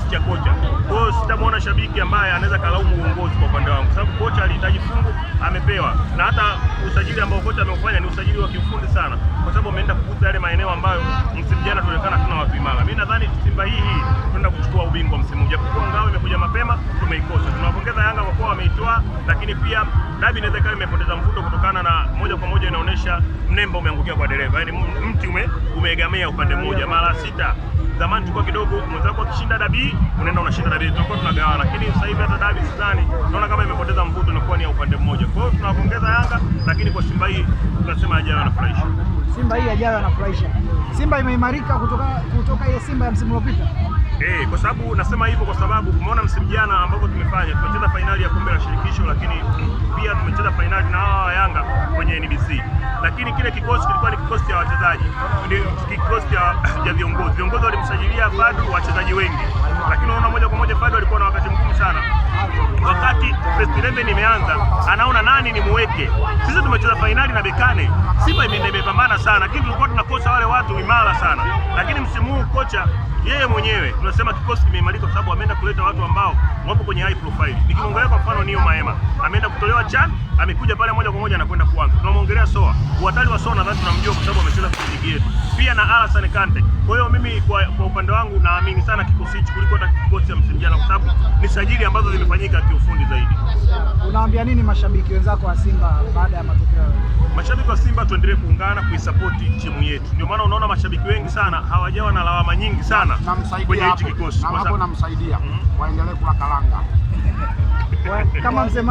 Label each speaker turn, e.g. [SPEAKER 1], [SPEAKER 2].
[SPEAKER 1] kikosi cha kocha. Kwa hiyo sitamwona shabiki ambaye anaweza kalaumu uongozi kwa upande wangu, sababu kocha alihitaji fungu, amepewa, na hata usajili ambao kocha ameufanya ni usajili wa kiufundi sana, kwa sababu ameenda kukuza yale maeneo ambayo msimu jana tulionekana tuna watu imara. Mimi nadhani Simba hii hii tunaenda kuchukua ubingwa msimu, japokuwa ngao imekuja mapema, tumeikosa. Tunawapongeza Yanga ameitoa, lakini pia dabi inaweza ikawa imepoteza mvuto kutokana na moja kwa moja inaonyesha mnemba umeangukia kwa dereva, yaani mti ume, umeegamea upande mmoja. Mara sita zamani tulikuwa kidogo, mwenzako akishinda dabi unaenda unashinda dabi, tulikuwa tunagawana, lakini sasa hivi hata dabi sidhani, naona kama upande mmoja. Kwa hiyo tunawapongeza Yanga, lakini kwa Simba hii tunasema ajara anafurahisha.
[SPEAKER 2] Simba hii ajara anafurahisha. Simba imeimarika kutoka kutoka ile Simba ya msimu uliopita.
[SPEAKER 1] Eh, kwa sababu nasema hivyo kwa sababu umeona msimu jana ambapo tumefanya tumecheza fainali ya kombe la shirikisho, lakini pia tumecheza fainali na hawa Yanga kwenye NBC, lakini kile kikosi kilikuwa ni kikosi cha wachezaji, kikosi cha viongozi. Viongozi walimsajilia bado wachezaji wengi, lakini unaona moja kwa moja bado 11 nimeanza, anaona nani nimuweke. Sisi tumecheza fainali na Bekane, Simba imepambana sana, lakini tulikuwa tunakosa wale watu imara sana, lakini msimu huu kocha yeye mwenyewe tunasema kikosi kimeimarika kwa sababu ameenda kuleta watu ambao wapo kwenye high profile. Nikimwongelea kwa mfano Nio Maema, ameenda kutolewa CHAN, amekuja pale moja kwa moja anakwenda kuanza. Tunamwongelea Soa, uhatari wa Soa nadhani tunamjua kwa sababu amecheza kwenye ligi yetu, pia na Alasan Kante. Kwa hiyo mimi kwa, kwa upande wangu na sajili ambazo zimefanyika kiufundi zaidi.
[SPEAKER 2] Unaambia nini mashabiki wenzako wa Simba baada ya matokeo?
[SPEAKER 1] Mashabiki wa Simba tuendelee kuungana kuisapoti timu yetu, ndio maana unaona mashabiki wengi sana hawajawa na lawama nyingi sana
[SPEAKER 2] kwenye hichi kikosi, mm-hmm. waendelee kula kalanga kama